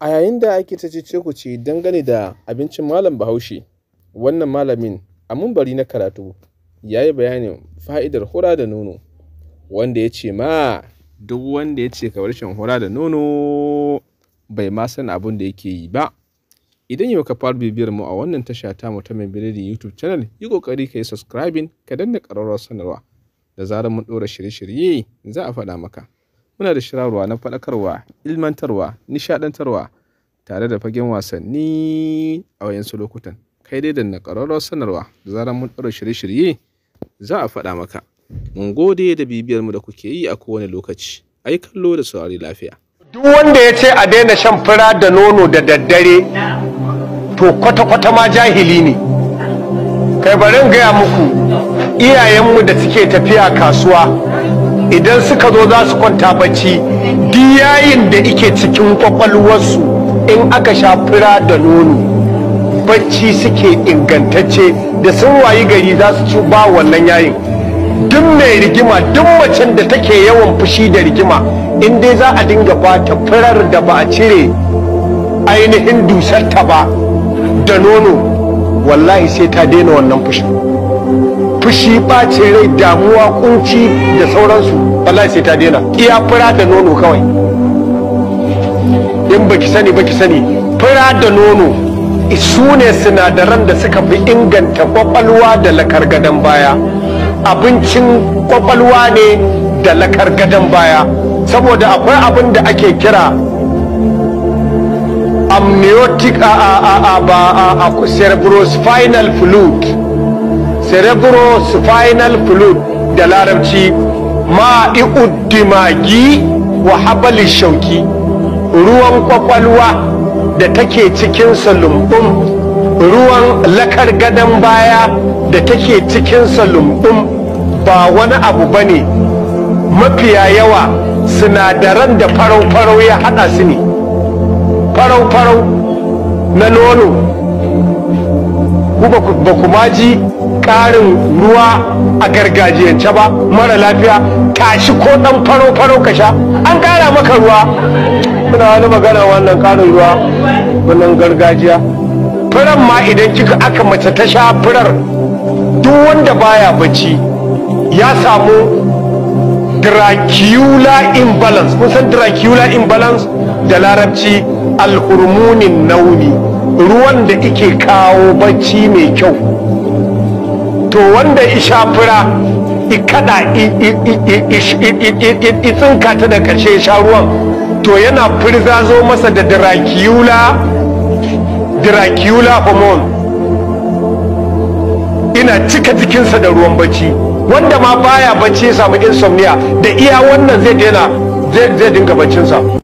A yayin da ake ta cece-kuce dangane da abincin malam Bahaushe, wannan malamin a mumbari na karatu ya yi bayanin fa'idar hura da nono, wanda ya ce ma duk wanda ya ce ka bar shan hura da nono bai ma san abin da yake yi ba. Idan yau ka fara bibiyar mu a wannan tasha ta mu ta mai biredi YouTube channel, yi kokari ka yi subscribing ka danna ƙararrawar sanarwa. Da zarar mun ɗora shirye-shirye za a faɗa maka. Muna da shirarwa na faɗakarwa, ilmantarwa, nishaɗantarwa tare da fagen wasanni a wayansu lokutan. Kai dai na ƙararrawar sanarwa da zarar mun ɗaura shirye-shirye za a faɗa maka. Mun gode da bibiyar mu da kuke yi a kowane lokaci. Ai kallo da saurari lafiya. Duk wanda ya ce a daina shan fura da nono da daddare to kwata-kwata ma jahili ne. Kai bari gaya muku iyayenmu da suke tafiya kasuwa idan suka zo za su kwanta bacci yayin da ike cikin kwakwalwarsu in aka sha fura da nono bacci suke ingantacce da sun wayi gari za su ci ba wannan yayin duk mai rigima duk macen da take yawan fushi da rigima in dai za a dinga bata furar da ba a cire ainihin dusarta ba da nono wallahi sai ta daina wannan fushin fushi bace rai damuwa kunci da sauransu wallahi sai ta dena iya fura da nono kawai in baki sani baki sani fura da nono su ne sinadaran da suka fi inganta kwakwalwa da lakar gadon baya abincin kwakwalwa ne da lakar gadon baya saboda akwai abin da ake kira amniotic a a a a ba a cerebrospinal fluid cerebro spinal fluid da larabci ma'i'uddimagi wa habali shauki ruwan kwakwalwa da take cikin lumbum ruwan lakar gadon baya da take cikin lumbum ba wani abu ba ne mafiya yawa sinadaran da farau-farau ya hada su ne farau-farau na nono ku ba ku ma ji ƙarin ruwa a gargajiyance ba mara lafiya tashi ko ɗan faro-faro ka sha an ƙara maka ruwa suna wani magana wannan ƙarin ruwa wannan gargajiya furen ma idan kika aka mace ta sha furar duk wanda baya bacci ya samu Dracula imbalance kun san Dracula imbalance da larabci alhurmunin nauni ruwan da ike kawo bacci mai kyau to wanda isha fura ikada isin kata da kashe sha ruwan to yana firza zo masa da dracula dracula hormone ina cika jikinsa da ruwan bacci wanda ma baya bacci ya samu insomnia da iya wannan zai daina zai dinga baccinsa